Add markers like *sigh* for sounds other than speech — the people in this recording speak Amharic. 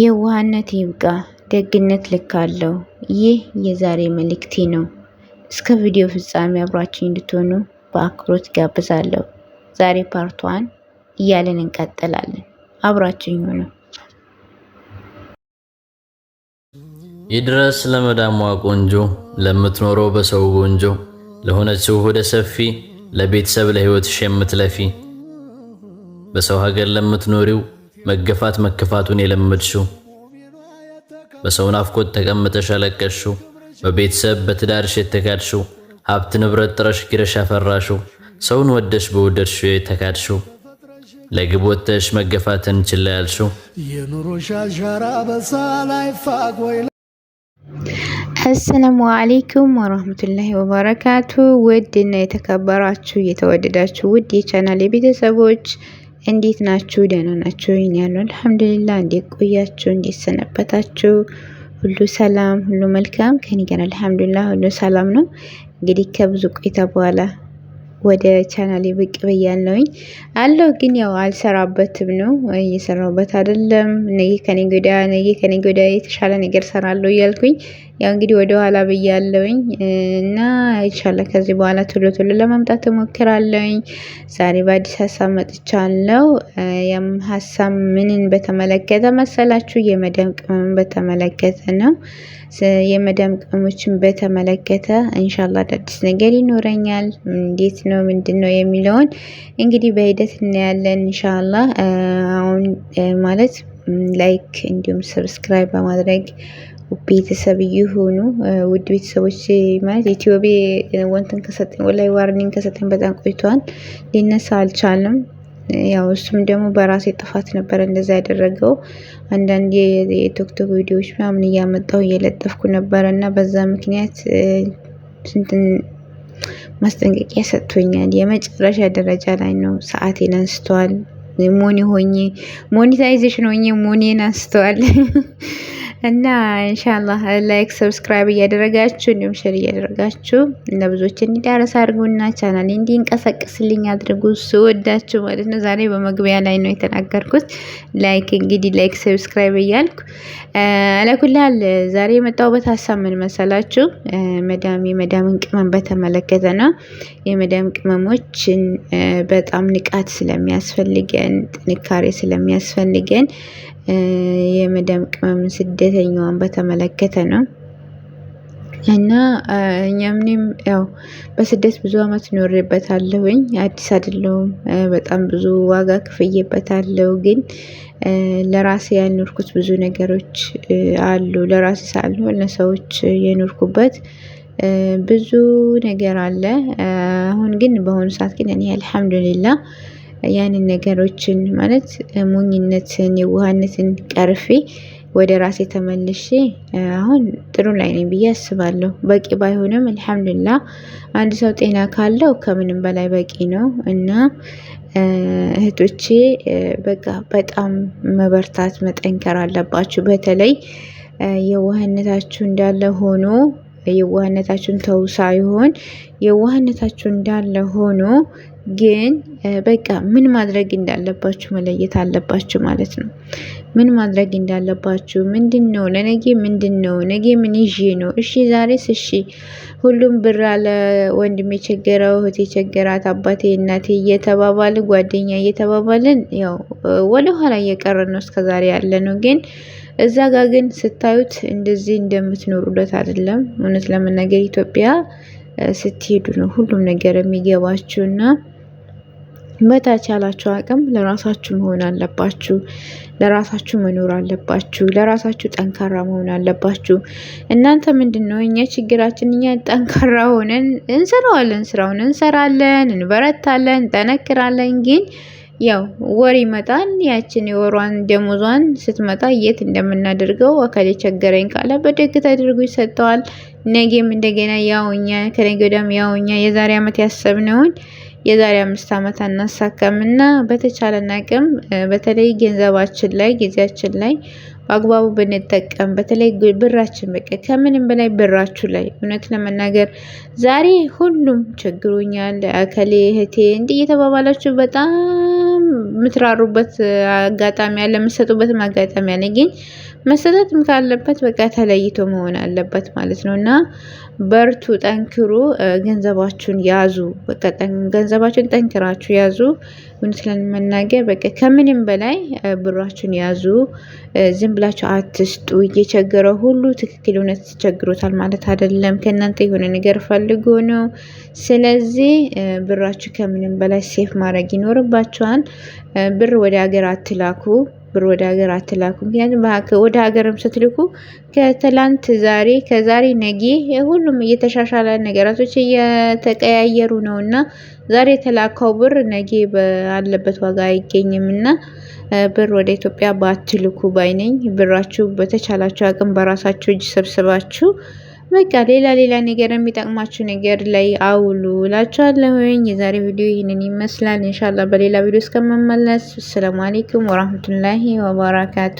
የዋህነት ይብቃ፣ ደግነት ልክ አለው። ይህ የዛሬ መልእክቴ ነው። እስከ ቪዲዮ ፍጻሜ አብሯችን እንድትሆኑ በአክብሮት ጋብዛለሁ። ዛሬ ፓርቷን እያለን እንቀጥላለን። አብሯችን ሆኑ። ይድረስ ለመዳሟ ቆንጆ ለምትኖረው በሰው ጎንጆ ለሆነችው ወደ ሰፊ ለቤተሰብ ለህይወትሽ የምትለፊ በሰው ሀገር ለምትኖሪው መገፋት መከፋቱን የለመድሽው፣ በሰው ናፍቆት ተቀምጠሽ ያለቀሽው፣ በቤተሰብ በትዳርሽ የተካድሽው፣ ሀብት ንብረት ጥረሽ ግረሽ ያፈራሽው፣ ሰውን ወደሽ በውደድሽው የተካድሽው፣ ለግብ ወጥተሽ መገፋትን ችላ ያልሽው የኑሮሽ አሻራ ወይ አሰላሙ አሌይኩም ወረህመቱላሂ ወበረካቱ። ውድ እና የተከበራችሁ የተወደዳችሁ ውድ የቻናል የቤተሰቦች እንዴት ናችሁ? ደህና ናችሁ? ይን ያሉ አልሐምዱሊላ። እንዴት ቆያችሁ? እንዴት ሰነበታችሁ? ሁሉ ሰላም፣ ሁሉ መልካም ከኔ ጋር አልሐምዱሊላ፣ ሁሉ ሰላም ነው። እንግዲህ ከብዙ ቆይታ በኋላ ወደ ቻናሌ ብቅ ብያለሁኝ አለው። ግን ያው አልሰራበትም ነው እየሰራሁበት አይደለም። ነገ ከኔ ወዲያ ነገ ከኔ ወዲያ የተሻለ ነገር ሰራለሁ እያልኩኝ ያው እንግዲህ ወደ ኋላ ብያለሁኝ እና ኢንሻአላህ ከዚህ በኋላ ቶሎ ቶሎ ለመምጣት እሞክራለሁኝ። ዛሬ በአዲስ ሀሳብ መጥቻለው። ያም ሀሳብ ምንን በተመለከተ መሰላችሁ? የመዳም ቅመምን በተመለከተ ነው። የመዳም ቅመሞችን በተመለከተ እንሻላ አዳዲስ ነገር ይኖረኛል። እንዴት ነው ምንድነው የሚለውን እንግዲህ በሂደት እናያለን እንሻላ አሁን ማለት ላይክ እንዲሁም ሰብስክራይብ በማድረግ ቤተሰብ እየሆኑ ውድ ቤተሰቦች ማለት ኢትዮቤ ወንትን ከሰጠኝ ወላይ ዋርኒንግ ከሰጠኝ በጣም ቆይቷል። ሊነሳ አልቻልም። ያው እሱም ደግሞ በራሴ ጥፋት ነበር እንደዛ ያደረገው። አንዳንድ የቲክቶክ ቪዲዮዎች ምናምን እያመጣው እየለጠፍኩ ነበረ እና በዛ ምክንያት ስንትን ማስጠንቀቂያ ሰጥቶኛል። የመጨረሻ ደረጃ ላይ ነው። ሰዓቴን አንስተዋል። ሞኒ ሆኜ ሞኔታይዜሽን ሆኜ ሞኒን አንስተዋል። *laughs* እና ኢንሻአላህ ላይክ ሰብስክራይብ እያደረጋችሁ እንዲሁም ሼር እያደረጋችሁ ለብዙዎች እንዲዳረስ አድርጉና ቻናል እንዲንቀሳቀስልኝ አድርጉ። ስወዳችሁ ማለት ነው። ዛሬ በመግቢያ ላይ ነው የተናገርኩት። ላይክ እንግዲህ ላይክ ሰብስክራይብ እያልኩ አለኩላል። ዛሬ የመጣሁበት ሀሳብ ምን መሰላችሁ? መዳም የመዳምን ቅመም በተመለከተ ነው። የመዳም ቅመሞችን በጣም ንቃት ስለሚያስፈልገን ጥንካሬ ስለሚያስፈልገን የመዳም ቅመም ስደተኛዋን በተመለከተ ነው። እና እኛም ያው በስደት ብዙ አመት ኖሬበታለሁኝ። አዲስ አይደለሁም። በጣም ብዙ ዋጋ ክፍዬበታለሁ። ግን ለራሴ ያልኖርኩት ብዙ ነገሮች አሉ። ለራሴ ሳልሆን ለሰዎች የኖርኩበት ብዙ ነገር አለ። አሁን ግን በአሁኑ ሰዓት ግን እኔ አልሐምዱሊላ ያንን ነገሮችን ማለት ሞኝነትን፣ የዋህነትን ቀርፌ ወደ ራሴ ተመልሼ አሁን ጥሩ ላይ ነኝ ብዬ አስባለሁ። በቂ ባይሆንም አልሐምዱላ አንድ ሰው ጤና ካለው ከምንም በላይ በቂ ነው እና እህቶቼ በቃ በጣም መበርታት መጠንከር አለባችሁ። በተለይ የዋህነታችሁ እንዳለ ሆኖ የዋህነታችሁን ተው ሳይሆን የዋህነታችሁ እንዳለ ሆኖ ግን በቃ ምን ማድረግ እንዳለባችሁ መለየት አለባችሁ ማለት ነው። ምን ማድረግ እንዳለባችሁ ምንድን ነው ለነጌ ምንድን ነው ነጌ ምን ይዤ ነው? እሺ ዛሬስ፣ እሺ ሁሉም ብር አለ ወንድም የቸገረው እህት የቸገራት አባቴ እናቴ እየተባባል ጓደኛ እየተባባልን ያው ወደኋላ እየቀረ ነው እስከዛሬ ያለ ነው ግን እዛ ጋር ግን ስታዩት እንደዚህ እንደምትኖሩለት አይደለም። እውነት ለመናገር ኢትዮጵያ ስትሄዱ ነው ሁሉም ነገር የሚገባችሁና በተቻላችሁ አቅም ለራሳችሁ መሆን አለባችሁ። ለራሳችሁ መኖር አለባችሁ። ለራሳችሁ ጠንካራ መሆን አለባችሁ። እናንተ ምንድን ነው እኛ ችግራችን፣ እኛ ጠንካራ ሆነን እንሰራዋለን፣ ስራውን እንሰራለን፣ እንበረታለን፣ እንጠነክራለን ግን ያው ወር ይመጣል። ያችን የወሯን ደሞዟን ስትመጣ የት እንደምናደርገው አካል የቸገረኝ ካለ በደግ ተደርጎ ይሰጠዋል። ነገም እንደገና ያውኛ ከነገ ወዲያም ያውኛ የዛሬ ዓመት ያሰብነውን የዛሬ አምስት ዓመት አናሳካምና በተቻለን አቅም በተለይ ገንዘባችን ላይ ጊዜያችን ላይ በአግባቡ ብንጠቀም፣ በተለይ ብራችን በቃ ከምንም በላይ ብራችሁ ላይ እውነት ለመናገር ዛሬ ሁሉም ቸግሮኛል፣ አከሌ እህቴ እንዲህ እየተባባላችሁ በጣም የምትራሩበት አጋጣሚ ያለ፣ የምትሰጡበትም አጋጣሚ ያለ። ግን መሰጠትም ካለበት በቃ ተለይቶ መሆን አለበት ማለት ነው እና በርቱ፣ ጠንክሩ፣ ገንዘባችሁን ያዙ። በቃ ገንዘባችሁን ጠንክራችሁ ያዙ። እውነት ለመናገር በቃ ከምንም በላይ ብራችሁን ያዙ። ዝም ብላችሁ አትስጡ። እየቸገረ ሁሉ ትክክል እውነት ተቸግሮታል ማለት አይደለም። ከእናንተ የሆነ ነገር ፈልጎ ነው። ስለዚህ ብራችሁ ከምንም በላይ ሴፍ ማድረግ ይኖርባችኋል። ብር ወደ ሀገር አትላኩ። ብር ወደ ሀገር አትላኩ። ምክንያቱም ወደ ሀገርም ስትልኩ ከትላንት ዛሬ፣ ከዛሬ ነገ ሁሉም እየተሻሻለ ነገራቶች እየተቀያየሩ ነው እና ዛሬ የተላካው ብር ነገ ባለበት ዋጋ አይገኝም እና ብር ወደ ኢትዮጵያ ባትልኩ ባይነኝ ብራችሁ በተቻላችሁ አቅም በራሳችሁ እጅ ሰብስባችሁ በቃ ሌላ ሌላ ነገር የሚጠቅማችሁ ነገር ላይ አውሉ እላችኋለሁኝ። የዛሬ ቪዲዮ ይህንን ይመስላል። ኢንሻላህ በሌላ ቪዲዮ እስከምመለስ አሰላሙ አሌይኩም ወራህመቱላሂ ወበረካቱ።